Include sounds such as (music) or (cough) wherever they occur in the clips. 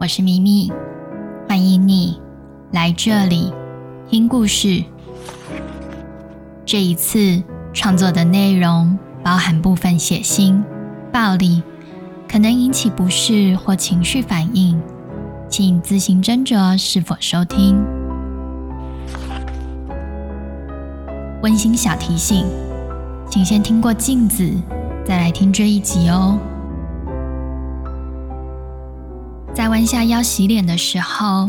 我是咪咪，歡迎你來這裡聽故事。這一次創作的內容包含部分血腥、暴力，可能引起不適或情緒反應，請自行斟酌是否收聽。溫馨小提醒，請先聽過鏡子，再來聽這一集哦。在彎下腰洗臉的時候，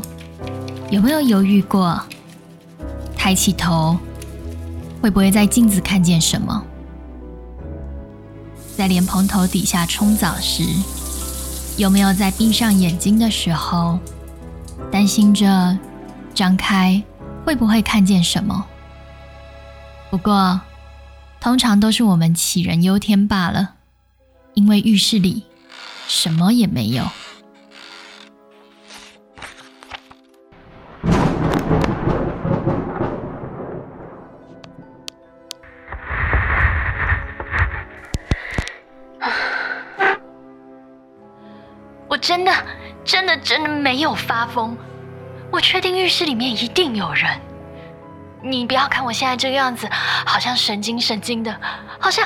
有沒有猶豫過？抬起頭，會不會在鏡子看見什麼？在蓮蓬頭底下沖澡時，有沒有在閉上眼睛的時候擔心着張開會不會看見什麼？不過，通常都是我們杞人憂天罷了，因為浴室裡什麼也沒有。真的，真的，真的沒有發瘋，我確定浴室裡面一定有人。你不要看我現在這個樣子，好像神經神經的，好像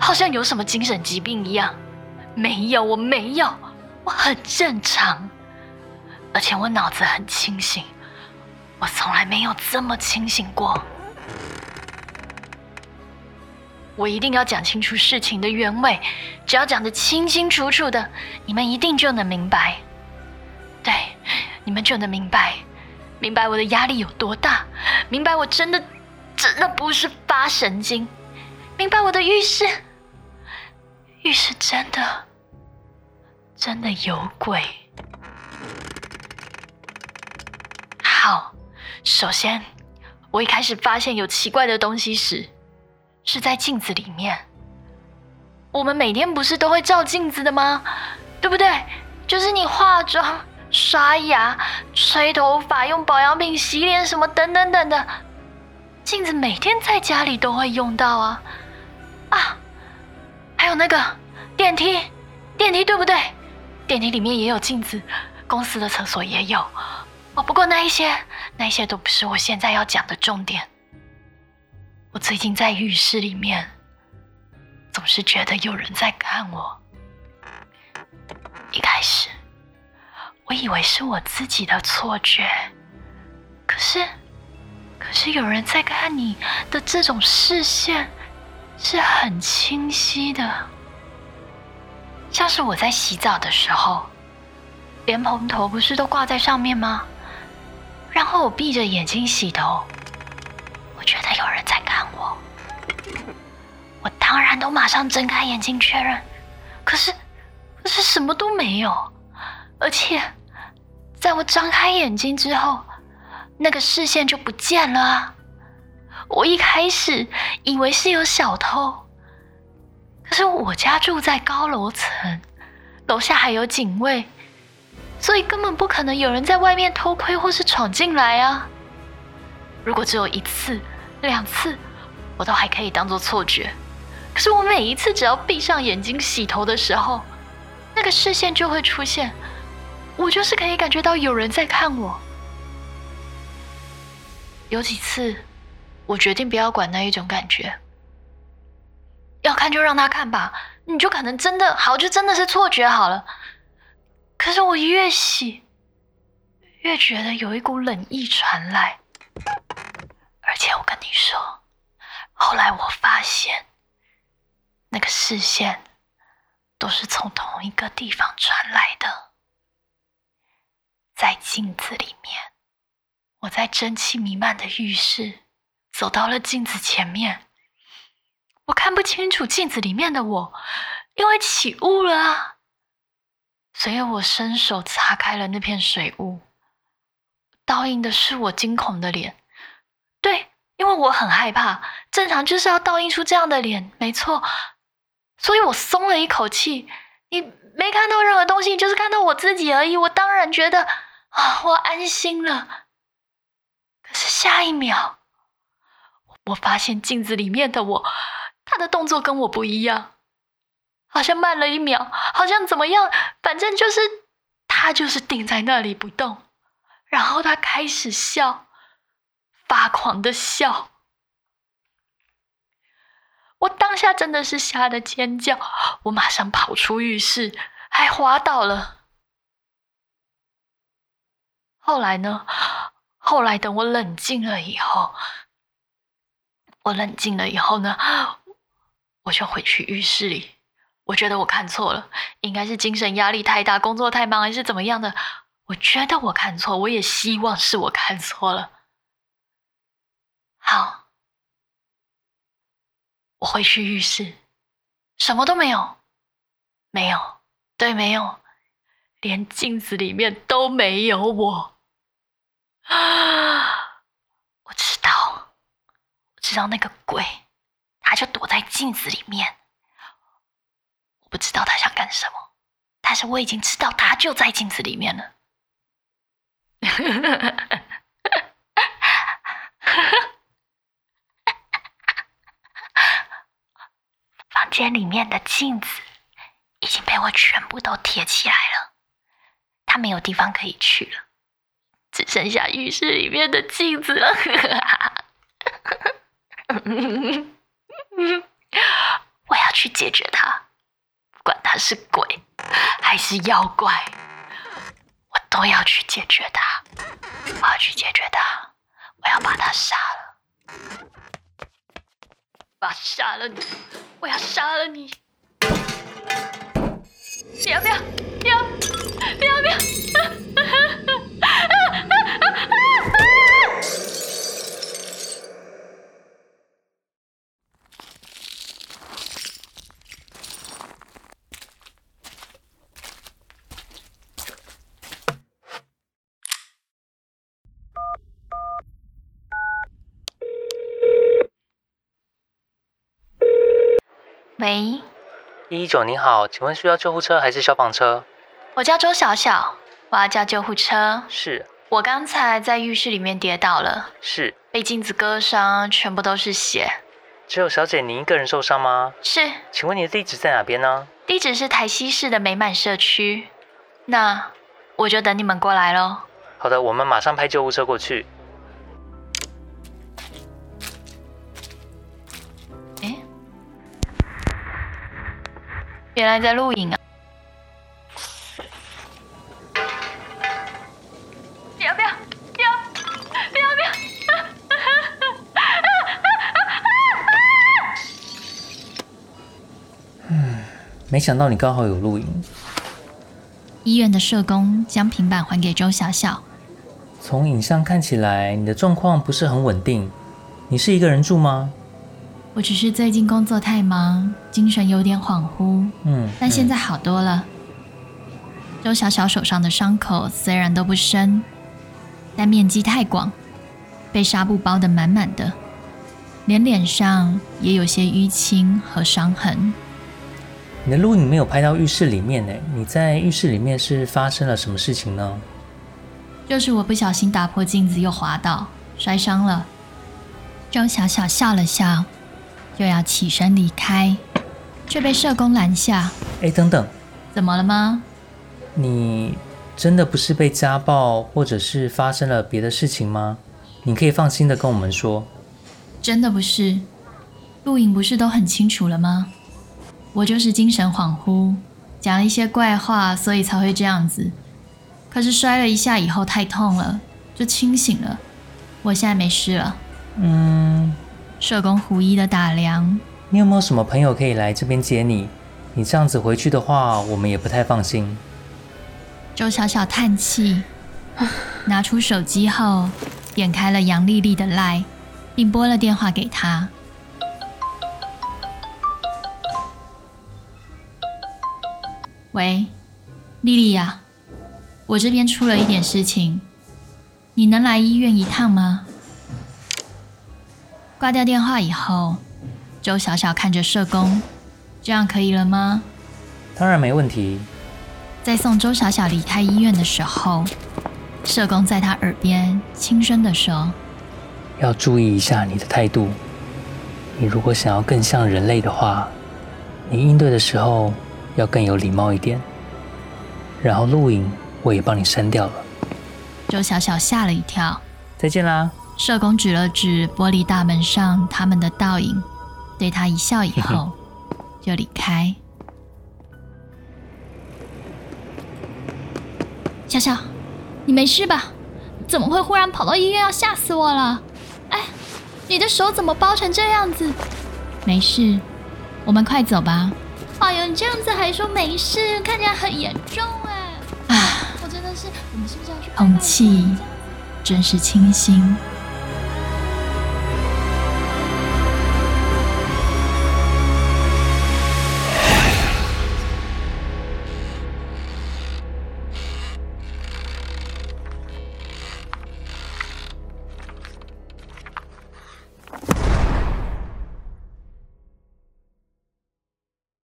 好像有什麼精神疾病一樣。沒有，我沒有，我很正常，而且我腦子很清醒，我從來沒有這麼清醒過。我一定要講清楚事情的原委，只要講得清清楚楚的，你們一定就能明白。對，你們就能明白，明白我的壓力有多大，明白我真的真的不是發神經，明白我的浴室，浴室真的真的有鬼。好，首先我一開始發現有奇怪的東西時，是在鏡子裡面。我們每天不是都會照鏡子的嗎？對不對？就是你化妝、刷牙、吹頭髮、用保養品、洗臉什麼等等等的，鏡子每天在家裡都會用到啊啊！還有那個電梯，電梯對不對？電梯裡面也有鏡子，公司的廁所也有。哦，不過那一些那一些都不是我現在要講的重點。我最近在浴室裡面，總是覺得有人在看我。一開始我以為是我自己的錯覺，可是，可是有人在看你的這種視線是很清晰的，像是我在洗澡的時候，蓮蓬頭不是都掛在上面嗎？然後我閉着眼睛洗頭，我覺得有人在。當然，都馬上睜開眼睛確認，可是，可是什麼都沒有，而且，在我張開眼睛之後，那個視線就不見了啊。我一開始以為是有小偷，可是我家住在高樓層，樓下還有警衛，所以根本不可能有人在外面偷窺或是闖進來啊。如果只有一次、兩次，我倒還可以當做錯覺。可是我每一次只要閉上眼睛洗頭的時候，那個視線就會出現。我就是可以感覺到有人在看我。有幾次，我決定不要管那一種感覺，要看就讓他看吧，你就可能真的好，就真的是錯覺好了。可是我越洗，越覺得有一股冷意傳來。視線都是從同一個地方傳來的，在鏡子裡面，我在蒸汽彌漫的浴室走到了鏡子前面，我看不清楚鏡子裡面的我，因為起霧了啊。所以我伸手擦開了那片水霧，倒映的是我驚恐的臉。對，因為我很害怕。正常就是要倒映出這樣的臉，沒錯。所以我鬆了一口氣，你沒看到任何東西，就是看到我自己而已。我當然覺得啊，我安心了。可是下一秒，我發現鏡子裡面的我，他的動作跟我不一樣，好像慢了一秒，好像怎麼樣，反正就是他就是定在那裡不動，然後他開始笑，發狂的笑。我當下真的是嚇得尖叫，我馬上跑出浴室，還滑倒了。後來呢？後來等我冷靜了以後，我冷靜了以後呢，我就回去浴室裡。我覺得我看錯了，應該是精神壓力太大，工作太忙，還是怎麼樣的？我覺得我看錯，我也希望是我看錯了。好。我會去浴室，什麼都沒有，沒有，對，沒有，連鏡子裡面都沒有我。 (laughs) 我知道，我知道那個鬼，他就躲在鏡子裡面。我不知道他想幹什麼，但是我已經知道他就在鏡子裡面了。 (laughs) 間裡面的鏡子已經被我全部都貼起來了，他沒有地方可以去了，只剩下浴室裡面的鏡子了。 (laughs) 我要去解決他，不管他是鬼還是妖怪，我都要去解決他。我要去解決他，我要把他殺了。我要殺了你！我要殺了你！不要，不要，不要，不要，不要。喂，一一九，你好，請問需要救護車還是消防車？我叫周小小，我要叫救護車。是，我剛才在浴室裡面跌倒了。是，被鏡子割傷，全部都是血。只有小姐您一個人受傷嗎？是，請問你的地址在哪邊呢？地址是台西市的美滿社區。那我就等你們過來咯。好的，我們馬上派救護車過去。原來在錄影啊！不要不要不要不要，不要、啊啊啊啊嗯！沒想到你剛好有錄影。醫院的社工將平板還給周小小。從影像看起來，你的狀況不是很穩定。你是一個人住嗎？我只是最近工作太忙，精神有點恍惚。嗯，嗯，但現在好多了。周小小手上的傷口雖然都不深，但面積太廣，被紗布包得滿滿的，連臉上也有些淤青和傷痕。你的錄影沒有拍到浴室裡面誒？你在浴室裡面是發生了什麼事情呢？就是我不小心打破鏡子，又滑倒摔傷了。周小小笑了笑。就要起身離開，卻被社工攔下。誒，欸、等等，怎麼了嗎？你真的不是被家暴，或者是發生了別的事情嗎？你可以放心的跟我們說。真的不是，錄影不是都很清楚了嗎？我就是精神恍惚，講了一些怪話，所以才會這樣子。可是摔了一下以後太痛了，就清醒了。我現在沒事了。嗯。社工狐疑的打量：“你有沒有什麼朋友可以來這邊接你？你這樣子回去的話，我們也不太放心。”周小小嘆氣， (laughs) 拿出手機後，點開了楊麗麗的 Line，並撥了電話給她：“喂，麗麗呀、啊，我這邊出了一點事情，你能來醫院一趟嗎？”掛掉電話以後，周小小看着社工，這樣可以了嗎？當然沒問題。在送周小小離開醫院的時候，社工在她耳邊輕聲地說：“要注意一下你的態度。你如果想要更像人類的話，你應對的時候要更有禮貌一點。然後錄影我也幫你刪掉了。”周小小嚇了一跳。再見啦。社工指了指玻璃大門上他們的倒影，對他一笑以後，就離開。 (laughs) 小小，你沒事吧？怎麼會忽然跑到醫院？要嚇死我了！哎、欸，你的手怎麼包成這樣子？沒事，我們快走吧。哎呦，你這樣子還說沒事，看起來很嚴重哎。啊，我真的是，我們是不是要去空氣？氣真是清新。